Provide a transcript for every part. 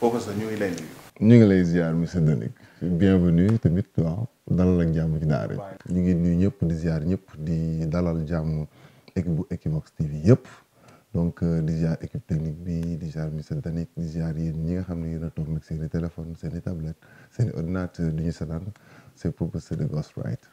foofu sax ñu ngi lay nuyu. ñu ngi lay ziar monsieur Ndanick. bienvenue tamit waaw ah, dalal ak jàmm ci daara ñu ngi nuyu ñëpp di ziar ñëpp di dalal jàmm équipe bu Equivox TV yëpp. donc euh, di ziar équipe technique bi di ziar monsieur Ndanick di ziar yéen ñi nga xam ne yéen a toog nag seen i téléphone seen i tablette seen i ordinateur du ñu seetaan c'est pour c'est de Ghost Right.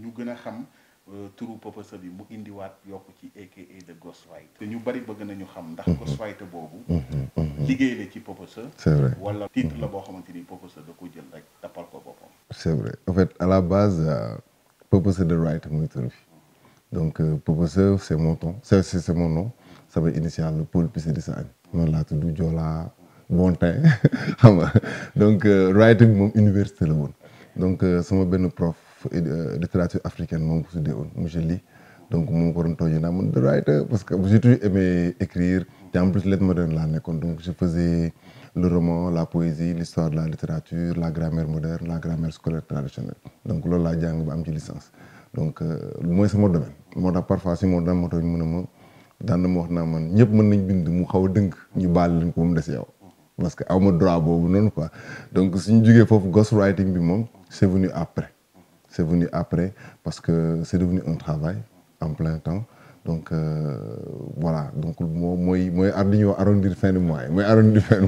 ñu gën a xam. Euh, turu Papa Saly mu indiwaat yokk ci aka de Ghostwriter te ñu bari bëgg nañu xam ndax mhm. Ghostwriter boobu mhm, mhm. liggéey na ci Papa c'est vrai wala titre la boo xamante ni Papa Saly da ko jël rek dappal ko boppam c'est vrai en fait à la base euh, Papa Saly de writer mooy turu fi donc euh, Papa Saly c'est mon nom c'est c'est mon nom sama initial le Paul Pissé de Sagne Joola bon temps xam nga donc writing moom université la woon donc sama benn prof littérature africaine moom ko tuddee woon monsieur Ly donc moom ko waroon tooñu naa man de writer parce que j'ai toujours aimé écrire te en plus lettre moderne laa nekkoon donc je faisais le roman la poésie l'histoire la littérature la grammaire moderne la grammaire scolaire traditionnelle donc loolu laa jàng ba am ci licence donc lu euh, mooy sama domaine moo tax parfois si moo daan ma tooñ mën a ma daan na ma wax naa man ñëpp mën nañ bind mu xaw a dënk ñu baal leen mu des yow c'est venu après parce que c'est devenu un travail en plein temps donc euh, donc moo mooy mooy ar di ñëw arrondir fin de mois yi mooy arrondir fin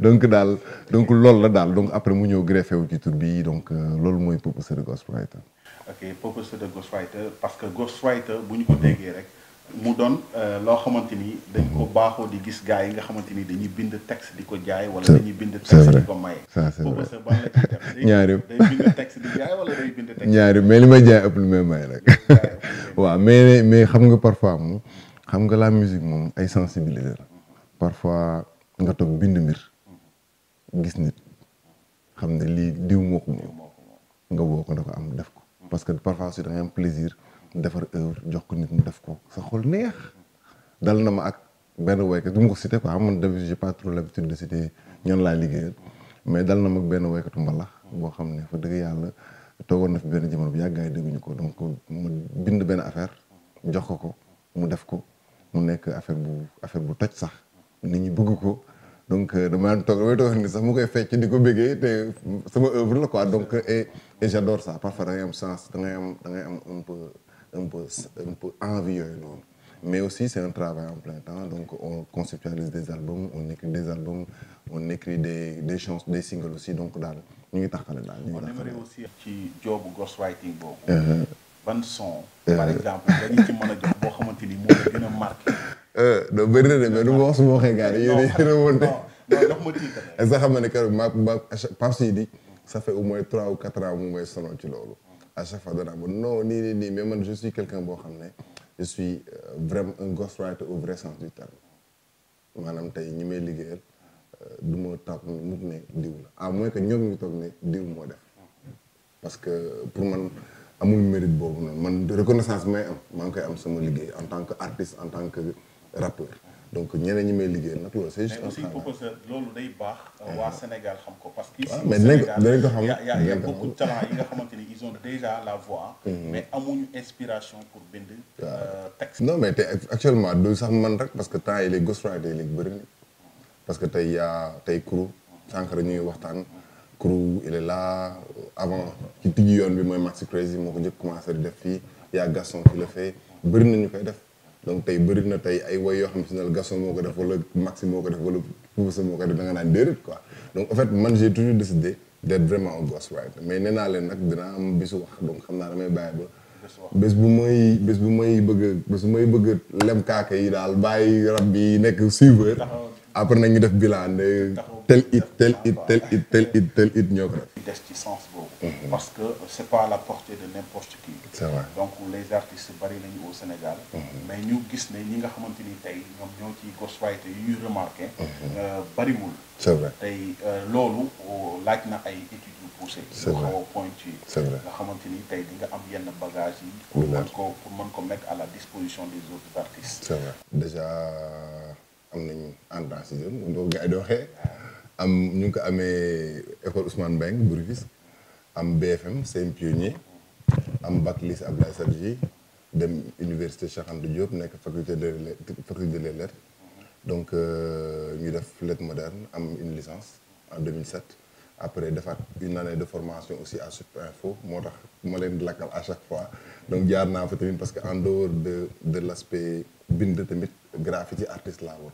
donc daal donc loolu la daal donc après mu ñëw greffé wu ci tur bi donc euh, lool mooy Purpose de Ghostwriter. ok parce que Ghostwriter bu ñu ko déggee rek. mu doon euh, loo xamante ni dañ ko baaxoo di gis gaa yi nga xamante ni dañuy bind texte di ko jaay. wala dañuy bind texte di ko maye. ça c'est ñaari day bind texte di jaay wala day bind texte. ñaari li may jaay ëpp waaw mais mais xam nga parfois moom xam nga laa musique moom ay sensibiliser la. parfois nga toog bind mbir. gis nit xam ne lii diw moo ko moom nga woo ko dafa am def ko. parce que parfois su da am plaisir. defar œuvre jox ko nit mu def ko sax xol neex dal na ma ak benn woykat ka ma ko cité quoi man de j'ai pas trop l'habitude de citer laa liggéeyal mais dal na ma ak benn woykatu mbalax boo xam ne fa dëgg yàlla toogoon na benn jamono bu yàggaay dégguñu ko donc mu bind benn affaire jox ko ko mu def ko mu nekk affaire bu affaire bu toj sax nit ñi bëgg ko donc euh, dama daan toog damay toog ni sax mu koy fecc di ko béggee te sama œuvre la quoi donc et et j'adore ça parfois da am chance da ngay am da am un peu un peu un peu envie noonu mais aussi c'est un travail en plein temps donc on conceptualise des albums on écrit des albums on écrit des des chansons des singles aussi donc daal ñu ngi taxale daal ñu ngi taxale aussi ci jobu ghostwriting boobu ban son par exemple dañu ci mën a jox xamante ni moo la gën a marqué euh, bëri na de mais lu ma wax su ma xam nga ne keroog maa maa Pape au moins trois ou quatre ans mu may sonal ci loolu à chaque fois dana bon non nii nii nii mais man je suis quelqu'un boo xam ne je suis euh, vraiment un ghostwriter au vrai sens du terme maanaam tey ñi may liggéeyal euh, du ma toog ne mukk ne diw la à moins que ñoom ñu toog ne diw moo def parce que pour man amul mérite boobu noonu man de reconnaissance may am maa ngi koy am sama liggéey en tant que artiste en tant que rappeur donc ñeneen ñi may liggéey nag loolu c'est juste. mais aussi proposeur loolu day baax. waa Sénégal xam ko parce que. waaw mais dinañ ko dinañ xam a nga xamante ni ils ont déjà la voix. Mhm. mais amuñu inspiration pour bind. Euh, texte non mais te actuellement du sax man rek parce que temps yi les ghostwriters léegi bëri na parce que tey yaa tey Kourou. sànq rek ñuy waxtaan. Kourou il est là avant ci tijji yoon bi mooy max Crazy moo ko njëkk commencé di def fii yaa Gaston qui le fait bëri na ñu koy def. donc tey bëri na tey ay woy yoo xam si ne Gaston moo ko def wala Maxi moo ko def wala Pousa moo ko def da nga naan déedéet quoi donc en fait man j'ai toujours décidé d'être vraiment un ghostwriter mais nee naa leen nag dinaa am bisu wax donc xam naa damay bàyyi ba bés bu may bés bu may bëgg bés bu may bëgg lem kaaka yi daal bàyyi rab bi nekk suiveur après nañu ñu def bilan de tel it tel it tel it tel it ñoo ko def. des ci sens boobu. Mhm. parce que c' pas la portée de n' importe qui. c' vrai donc les artistes bari nañu au Sénégal. Mhm. mais ñu gis ne ñi nga xamante ni tey ñoom ñoo ci ghostwriter yuy remarqué. Mhm. Euh, bariwul. c' est vrai tey euh, loolu oh, laaj na ay études yu poussées. c' est vrai xaw a pointu nga xamante ni tey di nga am yenn bagages yi. pour mën ko pour mën ko mettre à la disposition des autres artistes. c' vrai déjà. am nañu entrant sixième moom doo gars am ñu ngi ko amee école Ousmane Mbengue bu Rufisque am BFM CM pionnier am bac lycée Abdoulaye Sadji dem université Cheikh Anta Diop nekk faculté de faculté des lettres donc euh, ñu def lettres modernes am une licence en 2007 après defaat une année de formation aussi à Supinfo moo tax ma leen lakkal à chaque fois donc jaar naa fa tamit parce que en dehors de de l' bind tamit. graffiti artiste laa woon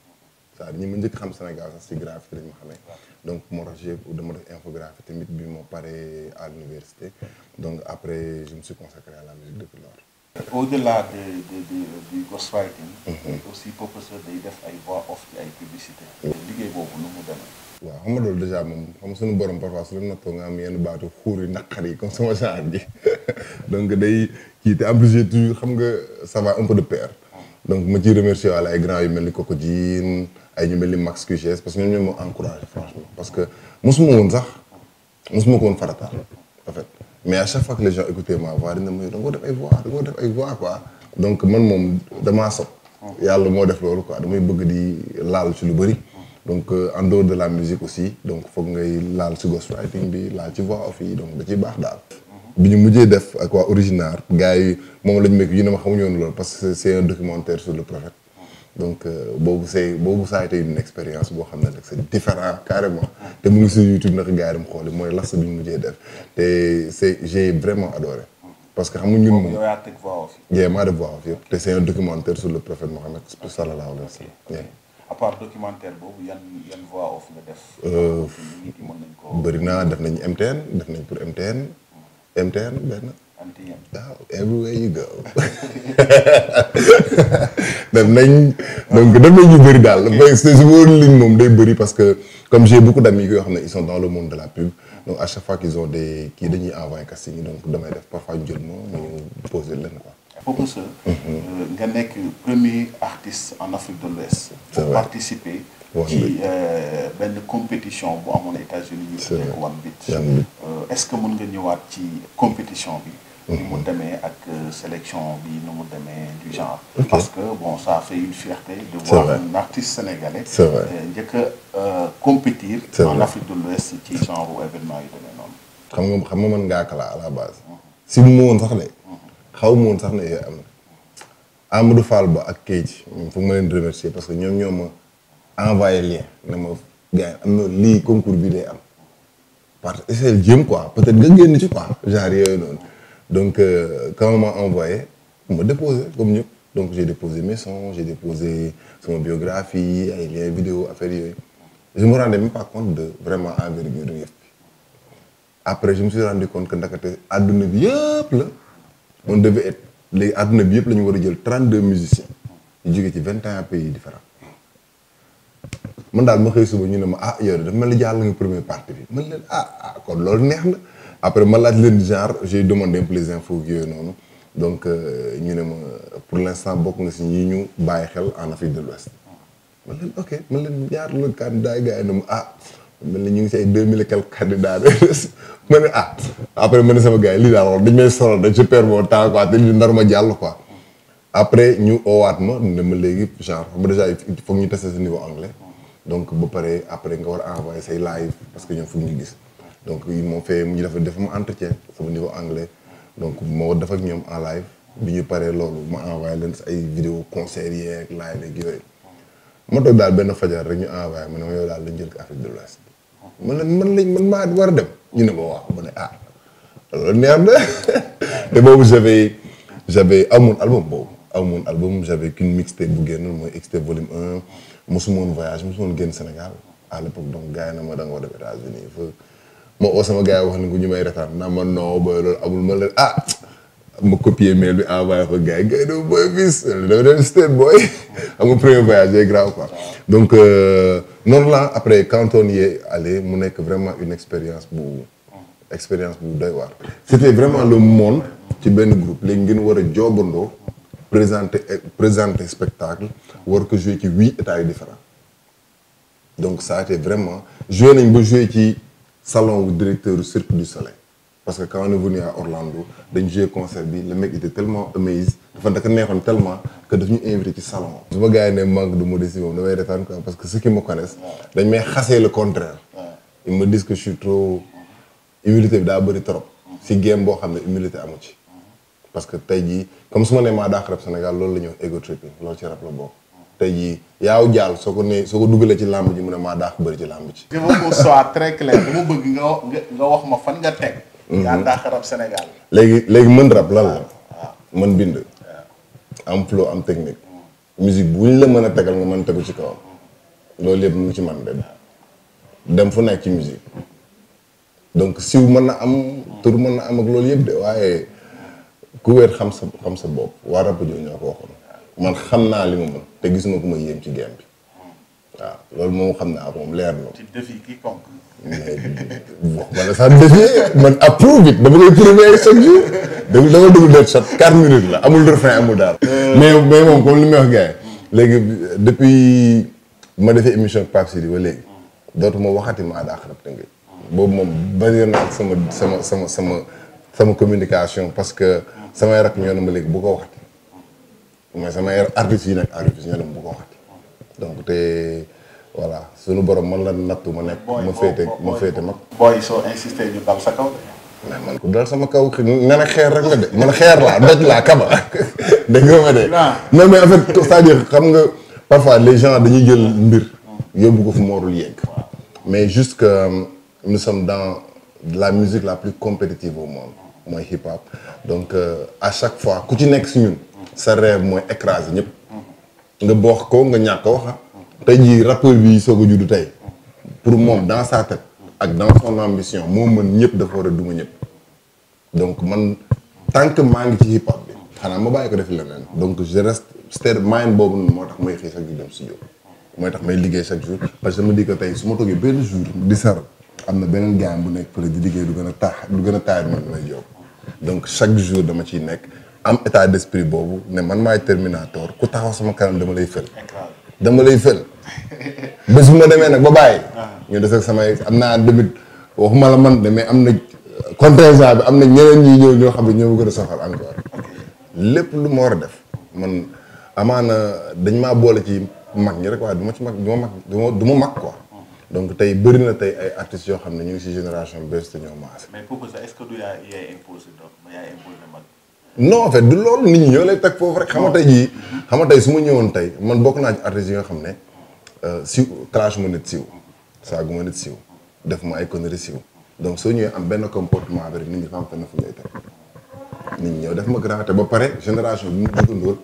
c'est-à-dire ma njëkk xam Sénégal sax si graffiti lañ ma xamee donc moo tax dama def infographie tamit bi moo paree à l'université donc après je me suis consacré la musique depuis lors au-delà de de mhm. waaw xam nga loolu dèjà moom xam suñu borom parfois su la nattoo nga am yenn baatu xuur yu naqar yi comme sama genre gi donc day kii te en plus toujours xam nga ça va un peu de pair. donc ma ciy remercier walla ay grand yu mel ni Koko Jean ay ñu mel ni Max QGS parce que ñoom ñoom ma encouragé franchement parce que mosuma woon sax mosuma ko woon farataal en fait mais à chaque fois que les gens écoutaient ma voix da nga def ay voix da def ay voix quoi donc man moom damaa sob yàlla moo def loolu quoi damay bëgg di laal ci lu bëri donc euh, en dehors de la musique aussi donc foog ngay laal ci ghostwriting bi laal ci voix off yi donc da ci baax daal bi ñu mujjee def ak waa originaire gars yi moom lañ mekk yi ne ma xamuñu woon loolu parce que c'est un documentaire sur le prophète donc euh, boobu c'est boobu ça a été expérience boo xam ne rek c'est différent te mu ngi sur YouTube nag gars yi dem xooli mooy last bi ñu mujjee def te c'est j'ai vraiment adoré parce que xam nga ñun moom yow maa def voix off yëpp te c'est un documentaire sur le prophète Mohammed sallallahu alayhi wa sallam à boobu yan yan voix euh, bëri naa def nañ MTN def nañ pour MTN MTN benn. MTN waaw everywhere you go. dem nañ donc dem bëri daal mais su ma ligne moom day bëri parce que comme j'ai beaucoup d'amis yoo xam ne ils sont dans le monde de la pub. donc à chaque fois qu'ils ont des kii dañuy envoyé casting donc damay def parfois jot ma ñu poser leen quoi. Mhm. Euh, nga nekk premier artiste en Afrique de l'Ouest. pour participer. ci euh, benn compétition bu amoon États-Unis ñu tuddee One Beach euh, est-ce que mën nga ñëwaat ci compétition bi ni mu mm-hmm. demee ak euh, sélection bi ni mu demee du genre parce que bon ça fait une fierté de voir un artiste sénégalais njëkk xam nga xam nga man ngaaka la à la si mu woon sax ne mm-hmm. xaw ma sax ne yooyu am na Amadou Fall ba ak Kéji foog ma leen remercier parce que ñoom ñoo envoyé lien na ma gars am na lii concours bi day am parce que c'est jéem quoi peut-être nga génn ci quoi genre yooyu noonu donc euh, m'a envoyé ma déposé comme ñëpp donc j'ai déposé mes sons j'ai déposé sama biographie ay liens vidéo affaire yooyu je me rendais même pas compte de vraiment envergure yëpp après je me suis rendu compte que ndakate àdduna bi la on devait être léegi àdduna bi yëpp la ñu war a jël trente deux musiciens yu jógee ci vingt et un pays différents man daal ma xëy suba ñu ne ma ah yow de dafa mel ni jàll nga première partie bi man leen ah ah kon loolu neex na après ma laaj leen genre j'ai demandé un peu les infos noonu donc euh, ñu ne ma pour l'instant bokk nga si ñi ñu bàyyi xel en Afrique de l'Ouest man leen ok man leen ñaar la candidat yi gars ah, ni ñu ngi si ay deux mille et quelques candidats ma ne ah après ma ne sama dañ may sonal dañ si perdre mon temps te lii nar ma jàll quoi après ñu oowaat ma ne ma léegi genre xam nga déjà il ñu tester sa niveau anglais donc ba pare après nga war a envoyé say live parce que ñoom fu ñu gis donc moo m'ont fait ñu def def ma entretien sama niveau anglais donc ma war def ak ñoom en live bi ñu paree loolu ma envoyé leen ay vidéo concert yeeg live ma toog daal benn fajar rek ñu envoyé ma ne ma daal lañ jël ko Afrique de l'Ouest man la man lañ maa war a dem ñu ne ma waaw ma ne ah loolu neex na te boobu j'avais j'avais amoon album boobu amoon album j'avais qu'une mixtape bu génn mooy mixtape volume 1 mosuma woon voyage mosuma woon génn Sénégal à l'époque donc gars yi ma da nga war a dem oo sama gaa yi wax ne ko ñu may retaan naa ma non booy amul ma leen ah ma copier bi envoyé ko gars yi gars yi dama booy quoi donc euh, noonu la après quand on y mu nekk vraiment une expérience bu bu doy waar c'était vraiment lu monde ci benn group léegi ngeen war a joobandoo présenter présenter spectacle war ko jouer ci huit états yu différents donc ça été vraiment joué nañ ba joué ci salon wu directeur du Cirque du Soleil parce que quand on est venu à Orlando dañ joué concert bi le mec était tellement amazed dafa daka neexoon tellement que daf ñu invité ci salon su ma gars yi ne manque de modestie moom damay retaan quoi parce que ceux qui me connaissent dañ may xasee le contraire ils me disent que je suis bi daa bëri trop si game boo xam ne humilité amu ci parce que tey jii comme su ma nee maa dàq rap Sénégal loolu la ñuy wax ego tripping loolu ci rap la bokk. tey jii yaaw jaal soo ko nee soo ko dugalee ci làmb ji mu ne maa dàq bëri ci làmb ji. je veux qu'on wax ma fan nga mhm. léegi léegi mën rab lan la. Ah, ah. mën bind. am flow am technique. musique bu ñu la mën a tegal nga mën tegu ci kawam. loolu yëpp mu ci man de dem fu nekk ci musique donc siw mën na am tur mën na am ak loolu yëpp de waaye. ku wér xam sa xam sa bopp waa Rapadio ñoo ko waxoon man xam naa li ma mën te gis ma ku ma yéem ci game bi waaw loolu moom xam naa moom leer na. ci défi quiconque. bon man sax man approuve it dama koy prouvé ay chaque jour dama dama dugg def amul refrain amul daal. Euh. mais mais moom léegi depuis ma defee émission ak Pape Sidi ba léegi. dootuma waxati ma ànd rab tënkee. boobu moom bari na sama sama sama sama communication sama rak ñoo ne ma léegi bu ko waxati mais samay artistes yi nag artistes ñoo ne ma bu ko waxati donc te voilà sunu borom man la nattu ma nekk. ma féete ma féete mag. booy man ko dal sama kaw nga xeer rek la de man xeer laa doj laa kaba dégg nga ma de. non mais en fait c'est-à-dire xam nga parfois les gens dañuy jël mbir. yóbbu ko fu mu warul yegg. mais juste que euh, nous sommes dans la musique la plus compétitive au monde. mooy hip hop donc euh, à chaque fois ku ci nekk si ñun sa rêve mooy écraser ñëpp nga boox ko nga ñàkk wax tey jii rappeur bi soog a juddu tey pour moom dans sa tête ak dans son ambition moo mën ñëpp dafa war a duma ñëpp donc man tant que maa ngi ci hip hop bi xanaa ma bàyyi ko def leneen donc je reste stère mind boobu noonu moo tax may xëy chaque jour dem studio mooy tax may liggéey chaque jour parce que je me dis tey su ma toogee benn jour di sar am na beneen gaam bu nekk fële di liggéey du gën a taax du gën a taayal man may job donc chaque jour dama ciy nekk am état d'esprit boobu ne man maay terminator ku taxaw sama kanam dama lay fël dama lay fël bés ma demee nag ba bàyyi ah. ñu des samay am naa demit waxuma la man de am na euh, contingent bi am na ñeneen ñi ñëw xam ne ñoo gën a soxal encore lépp lu ma war a def man amaana dañ maa boole ci mag ñi rek waaye du ma ci mag du ma mag du ma ma mag quoi donc tey bëri na tey ay artistes yoo xam ne ñu ngi si génération bees te ñoo maase. mais Popo sax est-ce que du yaa non en du loolu nit ñi ñoo lay teg foofu rek. xam nga tey jii mm-hmm. xam su ma ñëwoon tey man bokk naa ci artistes yi xam ne euh, si clash ma nit siiw saagu ma nit siiw def ma ay conneries siiw donc soo ñëwee am benn comportement bi rek nit ñi ñëw def ma grand te ba pare génération bi mu jugandool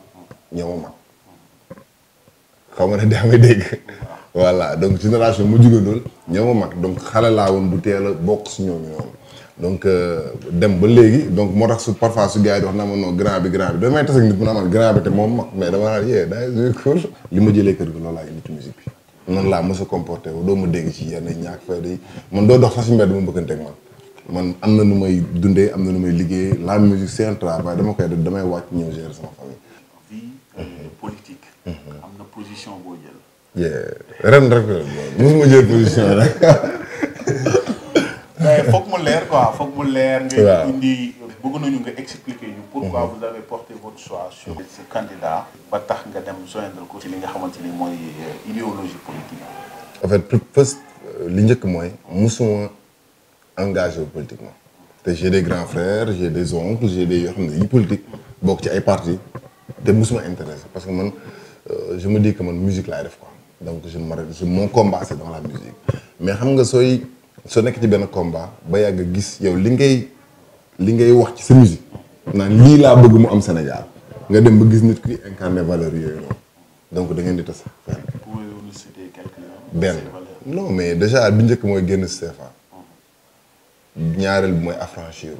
ñoo ma mag xaw ma ne daa may dégg. voilà donc génération mu jugandoon ñoo ma mag donc xale laa woon du teel a bokk si ñoom ñoom donc euh, dem ba léegi donc moo tax su parfois su gars yi di wax ma non grand bi grand bi damay tas ak nit mu naa man grand bi te moom mag mais dama li ma jëlee kër gi loolu laa indi noonu laa mos a comporté wu doo ma dégg ci yenn ñaak fay day man doo dox sax si mbedd mu bëkkante man man na nu may dundee am na nu may liggéey la musique c'est un dama koy def damay wàcc ñëw gérer sama famille. vie euh, ren rek mosuma jël position rek. mais eh, foog mu leer quoi foog mu leer. nga indi bëgg nañu nga expliquer ñu. pourquoi vous avez porté votre choix sur mm-hmm. ce candidat. ba tax nga dem joindre ko ci li nga xamante ni mooy euh, idéologie politique. en euh, li njëkk mooy mosuma engagé wu politiquement. te j'ai des grands frères j'ai des oncles j'ai des yoo xam ne yi politique bokk ci ay parti te mosuma intéressé parce que man euh, je me dis que man musique laay def quoi. donc je me je mon combat c'est dans la musique mais xam nga sooy soo nekk ci benn combat ba yàgg gis yow li ngay li ngay wax ci sa musique naa lii laa bëgg mu am Sénégal nga dem ba gis nit kuy incarner valeur yooyu donc da ngeen di tas benn. benn non mais déjà bi njëkk mooy génn si CFA ñaareel bi mooy affranchir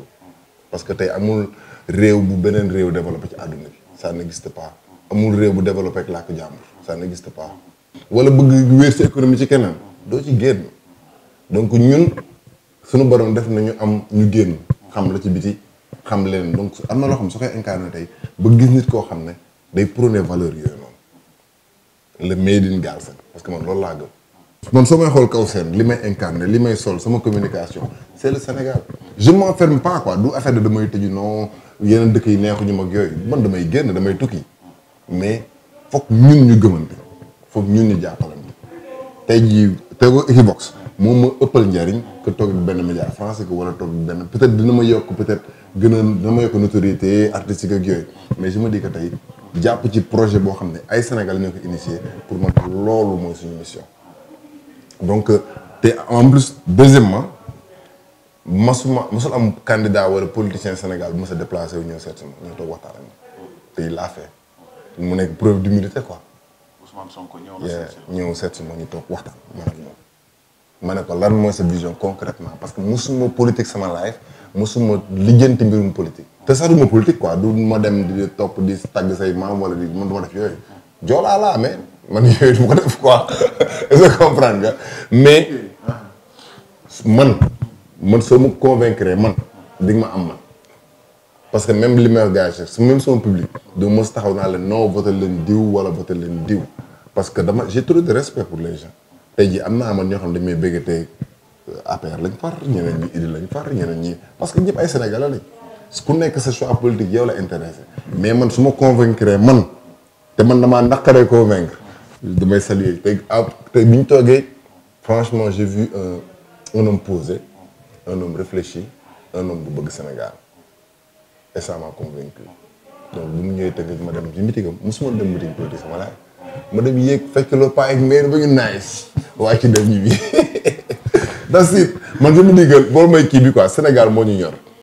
parce que tey amul réew bu beneen réew développé ci àdduna bi ça n'existe pas amul réew bu développé ak làkk jàmbur ça n'existe pas. wala bëgg wéer sa économie ci keneen doo ci génn donc ñun suñu borom def nañu am ñu génn xam la ci biti xam leen donc am na loo xam su koy incarné tey ba gis nit koo xam ne day prôné valeur yooyu noonu le made in Galsen parce que man loolu laa gëm man soo may xool kaw seen li may incarné li may sol sama communication c'est le Sénégal je m'enferme pas quoi du affaire de damay tëju noo yeneen dëkk yi neexu ñu mag yooyu man damay génn damay tukki mais foog ñun ñu gëmante foog ñun ñu jàppale ñu tey jii tego Equivox moom ma ëppal njariñ que toog benn média français que wala toog benn peut-être dina ma yokk peut-être gën a dina ma yokk notoriété artistique ak yooyu mais je ma dis tey jàpp ci projet boo xam ne ay sénégal ñoo ko initié pour man loolu mooy suñu mission donc te en plus deuxièmement ma mosul am candidat wala politicien Sénégal bu mos a déplacé wu ñëw seet si ma ñëw toog ak l'a fait mu nekk preuve d'humilité quoi Ousmane Sonko ñëw na seet si ñëw ñu toog waxtaan man ma ne ko lan mooy sa vision concrètement parce que mu musuma politique sama life suma lijjanti mbirum politique. te sax duma politique quoi du ma dem di topp di tagg say maam wala di man du ma def yooyu. joolaa laa mais man ma ko def quoi est-ce uh-huh. man man soo ma convaincre man di ma am man. parce que même li may engagé même son public. du mos taxaw naa leen non voté leen diw wala voté leen diw. parce que dama j'ai trop de respect pour les gens tey jii am naa man ñoo xam ne dañu may bëggatee lañ far ñeneen ñi idi lañ far ñeneen ñi parce que ñëpp ay Sénégalais lañ ku nekk sa choix politique yow la intéressé mais man su ma convaincre man te man damaa naqaree convaincre damay saluer tey ah tey bi ñu toogee franchement j'ai vu un un homme posé un homme réfléchi un homme bu bëgg Sénégal et ça m'a convaincu donc bu ñëwee tënk ma dem ci meeting am mosuma dem meeting politique sama laaj ma dem yéeg fekk le paa ak maire ba ñu nice waaye ci dem ñi bi that's it man dama digal boo may kii bi quoi Sénégal moo ñu ñor